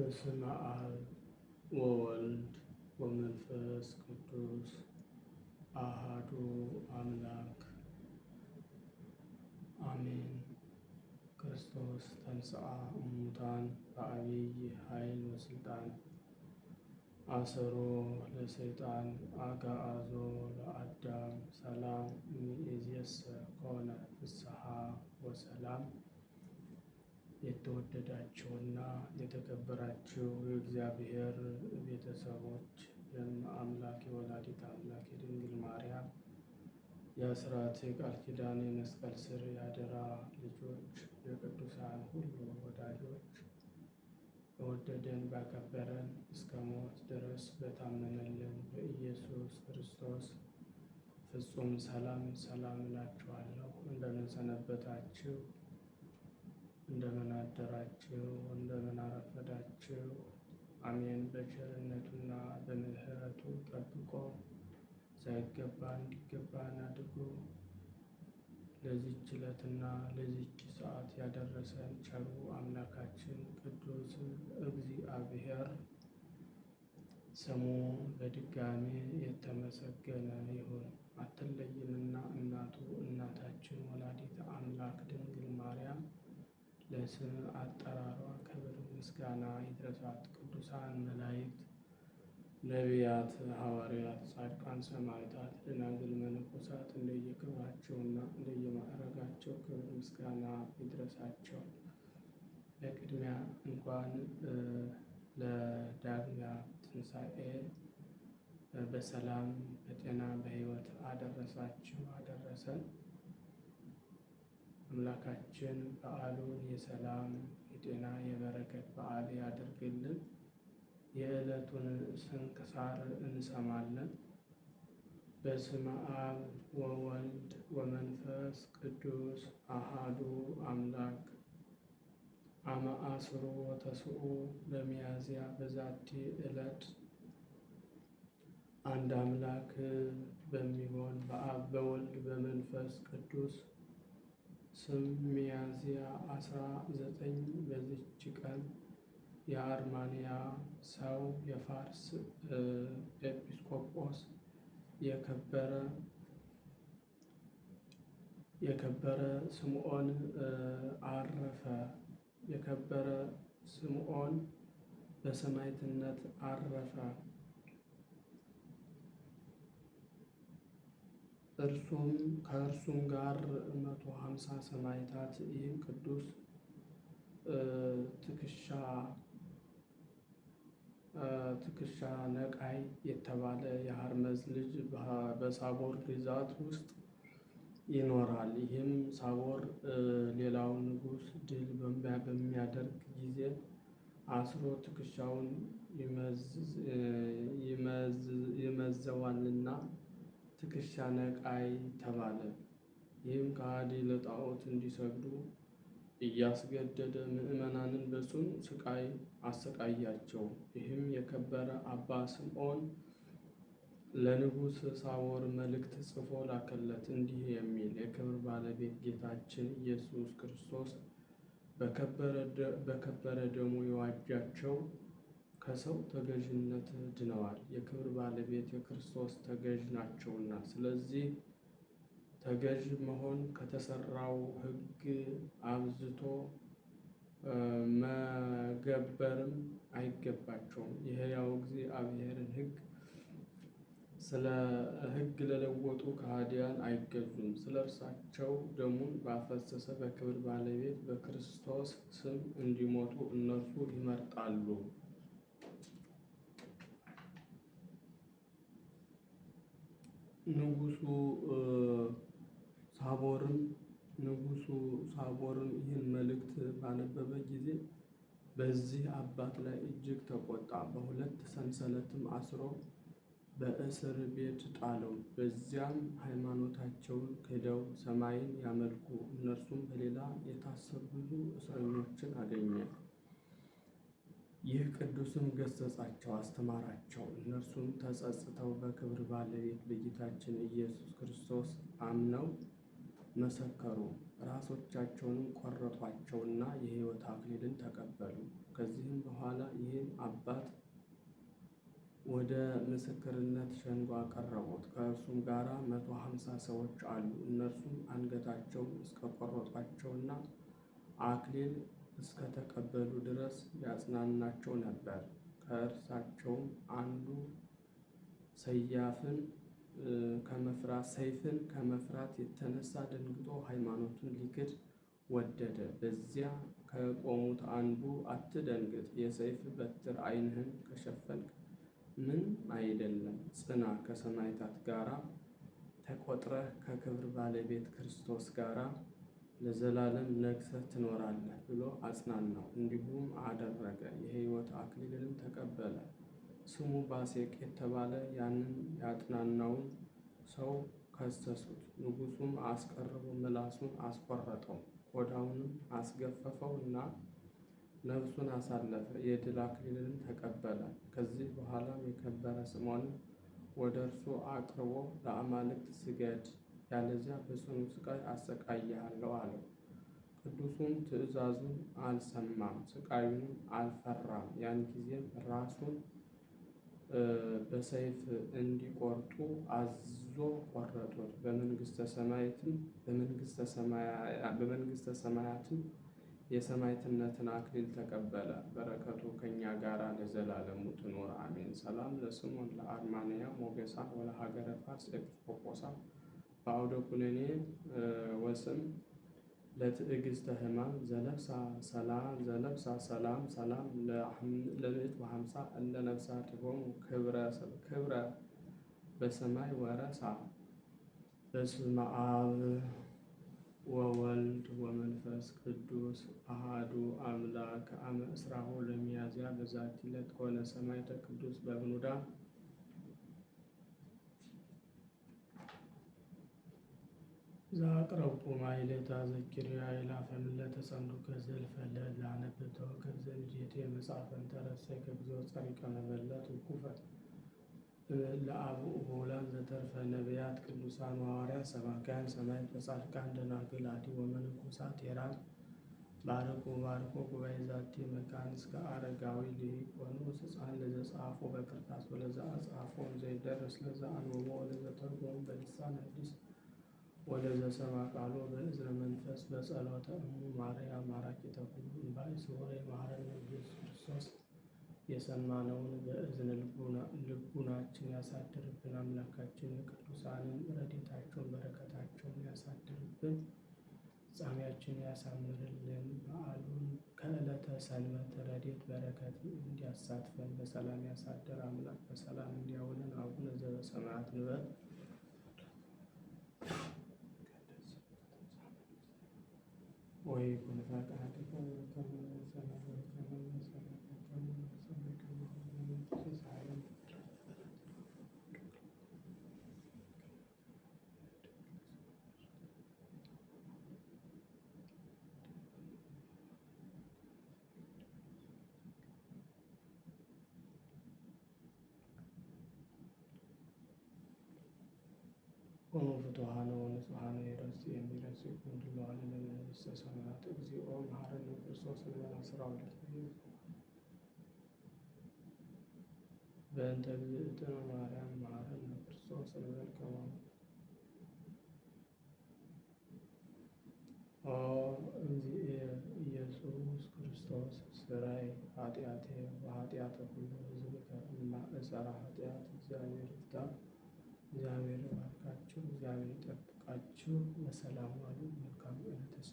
በስመ አብ ወወልድ ወመንፈስ ቅዱስ አሃዱ አምላክ አሜን። ክርስቶስ ተንሥአ እሙታን በዐቢይ ኃይል ወሥልጣን አሰሮ ለሰይጣን አግዓዞ ለአዳም ሰላም እምይእዜሰ ኮነ ፍስሓ ወሰላም የተወደዳችሁና የተከበራችሁ የእግዚአብሔር ቤተሰቦች አምላክ የወላዲት አምላክ የድንግል ማርያም የአስራት የቃል ኪዳን የመስቀል ስር የአደራ ልጆች የቅዱሳን ሁሉ ወዳጆች በወደደን ባከበረን እስከ ሞት ድረስ በታመነልን በኢየሱስ ክርስቶስ ፍጹም ሰላም ሰላም እላችኋለሁ። እንደምን ሰነበታችሁ? እንደምን አደራችሁ፣ እንደምን አረፈዳችሁ። አሜን። በቸርነቱና በምሕረቱ ጠብቆ ሳይገባ እንዲገባን አድርጎ ለዚች ዕለትና ለዚች ሰዓት ያደረሰን ቸሩ አምላካችን ቅዱስ እግዚአብሔር ስሙ በድጋሜ የተመሰገነ ይሁን። አትለይምና እናቱ እናት ለስም አጠራሯ ክብር ምስጋና ይድረሳት። ቅዱሳን መላእክት፣ ነቢያት፣ ሐዋርያት፣ ጻድቃን፣ ሰማዕታት፣ ደናግል፣ መነኮሳት እንደየክብራቸውና እንደየማዕረጋቸው ክብር ምስጋና ይድረሳቸው። በቅድሚያ እንኳን ለዳግሚያ ትንሣኤ በሰላም በጤና በሕይወት አደረሳችሁ አደረሰን። አምላካችን በዓሉን የሰላም የጤና የበረከት በዓል ያድርግልን። የዕለቱን ስንክሳር እንሰማለን። በስመ አብ ወወልድ ወመንፈስ ቅዱስ አሃዱ አምላክ አመ ዐሥሩ ወተስዑ ለሚያዝያ በዛቲ ዕለት አንድ አምላክ በሚሆን በአብ በወልድ በመንፈስ ቅዱስ ስም ሚያዝያ አስራ ዘጠኝ በዚች ቀን የአርማንያ ሰው የፋርስ ኤጲስቆጶስ የከበረ ስምዖን አረፈ። የከበረ ስምዖን በሰማዕትነት አረፈ። እርሱም ከእርሱም ጋር መቶ ሀምሳ ሰማዕታት ይህም ቅዱስ ትክሻ ትክሻ ነቃይ የተባለ የሀርመዝ ልጅ በሳቦር ግዛት ውስጥ ይኖራል። ይህም ሳቦር ሌላው ንጉሥ ድል በሚያደርግ ጊዜ አስሮ ትከሻውን ይመዘዋልና ትከሻ ነቃይ ተባለ። ይህም ከሃዲ ለጣዖት እንዲሰግዱ እያስገደደ ምዕመናንን በጽኑ ስቃይ አሰቃያቸው። ይህም የከበረ አባ ስምዖን ለንጉሥ ሳወር መልእክት ጽፎ ላከለት እንዲህ የሚል የክብር ባለቤት ጌታችን ኢየሱስ ክርስቶስ በከበረ ደሙ የዋጃቸው ከሰው ተገዥነት ድነዋል፣ የክብር ባለቤት የክርስቶስ ተገዥ ናቸውና። ስለዚህ ተገዥ መሆን ከተሰራው ሕግ አብዝቶ መገበርም አይገባቸውም። የሕያው እግዚአብሔርን ሕግ ስለ ሕግ ለለወጡ ከሃዲያን አይገዙም። ስለ እርሳቸው ደሙን ባፈሰሰ በክብር ባለቤት በክርስቶስ ስም እንዲሞቱ እነርሱ ይመርጣሉ። ንጉሱ ሳቦርን ንጉሱ ሳቦርን ይህን መልእክት ባነበበ ጊዜ በዚህ አባት ላይ እጅግ ተቆጣ። በሁለት ሰንሰለትም አስሮ በእስር ቤት ጣለው። በዚያም ሃይማኖታቸውን ክደው ሰማይን ያመልኩ እነርሱም በሌላ የታሰሩ ብዙ እስረኞችን አገኘ። ይህ ቅዱስም ገሰጻቸው፣ አስተማራቸው። እነርሱም ተጸጽተው በክብር ባለቤት በጌታችን ኢየሱስ ክርስቶስ አምነው መሰከሩ። ራሶቻቸውንም ቆረጧቸውና የሕይወት አክሊልን ተቀበሉ። ከዚህም በኋላ ይህን አባት ወደ ምስክርነት ሸንጎ አቀረቡት። ከእርሱም ጋር መቶ ሀምሳ ሰዎች አሉ። እነርሱም አንገታቸውን እስከ ቆረጧቸውና አክሊል እስከተቀበሉ ድረስ ያጽናናቸው ነበር። ከእርሳቸውም አንዱ ሰያፍን ከመፍራት ሰይፍን ከመፍራት የተነሳ ደንግጦ ሃይማኖቱን ሊክድ ወደደ። በዚያ ከቆሙት አንዱ አትደንግጥ፣ የሰይፍ በትር ዓይንህን ከሸፈንክ ምን አይደለም፣ ጽና፣ ከሰማይታት ጋራ ተቆጥረህ ከክብር ባለቤት ክርስቶስ ጋራ ለዘላለም ነግሰህ ትኖራለህ ብሎ አጽናናው። እንዲሁም አደረገ። የሕይወት አክሊልንም ተቀበለ። ስሙ ባሴቅ የተባለ ያንን ያጥናናውን ሰው ከሰሱት። ንጉሱም አስቀርቦ ምላሱን አስቆረጠው፣ ቆዳውንም አስገፈፈው እና ነፍሱን አሳለፈ። የድል አክሊልንም ተቀበለ። ከዚህ በኋላም የከበረ ስምዖንን ወደ እርሱ አቅርቦ ለአማልክት ስገድ ያለዚያ በጽኑ ስቃይ አሰቃያለሁ አለው። ቅዱሱም ትእዛዙን አልሰማም፣ ስቃዩንም አልፈራም። ያን ጊዜም ራሱን በሰይፍ እንዲቆርጡ አዞ ቆረጡት። በመንግስተ ሰማያትም በመንግስተ ሰማያትም የሰማዕትነትን አክሊል ተቀበለ። በረከቱ ከኛ ጋር ለዘላለሙ ትኖር አሜን። ሰላም ለስሙን ለአርማንያ ሞገሳ ወለሀገረ ፋርስ ኤጲስቆጶሳ ኩነኔ ወስም ለትዕግስተ ህማም ዘለብሳ ሰላም ዘለብሳ ሰላም ሰላም ለምእት ወሀምሳ እለ ነፍሳቲሆሙ ክብረ በሰማይ ወረሳ። በስመ አብ ወወልድ ወመንፈስ ቅዱስ አሃዱ አምላክ አመ እስራሁ ለሚያዝያ በዛቲ ዕለት ኮነ ሰማዕተ ቅዱስ በብኑዳ ዛቅረብኩ ማይሌታ ዘኪርያ የላፈምለ ተጸምዱከ ዘልፈለ ላነብብ ተወከብ ዘንዴቴ መጽሐፈን ተረሰይከ እግዚኦ ጸሪቀ መበለት ውኩፈ ለአብኡ በውላን ዘተርፈ ነቢያት ቅዱሳን ሐዋርያ ሰባክያን ሰማይ ተጻድቃን ደናግል አዲ ወመነኮሳት ቴራን ባርኩ ባርኮ ጉባኤ ዛቲ መካን እስከ አረጋዊ ሊቆኑ ስፃን ለዘጻፎ በቅርታስ ወለዛ አጻፎ ዘይደርስ ለዛ አንብቦ ወለዘተርጎሙ በልሳን አዲስ ወለዘሰማ ቃሎ በእዝነ መንፈስ በጸሎተ እሙ ማርያም ማራኪ ኩሉ እምባይ ስውር የማረን ኢየሱስ ክርስቶስ የሰማነውን በእዝነ ልቡናችን ያሳድርብን። አምላካችን ቅዱሳንን ረድኤታቸውን በረከታቸውን ያሳድርብን። ፍጻሜያችን ያሳምርልን። በዓሉን ከዕለተ ሰንበት ረድኤት በረከት እንዲያሳትፈን በሰላም ያሳደር አምላክ በሰላም እንዲያውለን። አቡነ ዘበሰማያት ንበር Voy con la carta ወምፍቱሐነ ወንጹሐነ የረስ የሚረስ ኩንድሎ አለለ መንግሥተ ሰማያት እግዚኦ መሐረነ ክርስቶስ ልበና ስራ በእንተ እግዝእትነ ማርያም መሐረነ ክርስቶስ ልበል ከማሙ ኦ እግዚእ ኢየሱስ ክርስቶስ ስራይ ኃጢአቴ ወኃጢአተ ኩሉ ሕዝብ ከእማ እሰራ ኃጢአት እግዚአብሔር ይፍታ እግዚአብሔር ይባርካችሁ፣ እግዚአብሔር ይጠብቃችሁ። በሰላም ዋሉ። መልካም ዕለት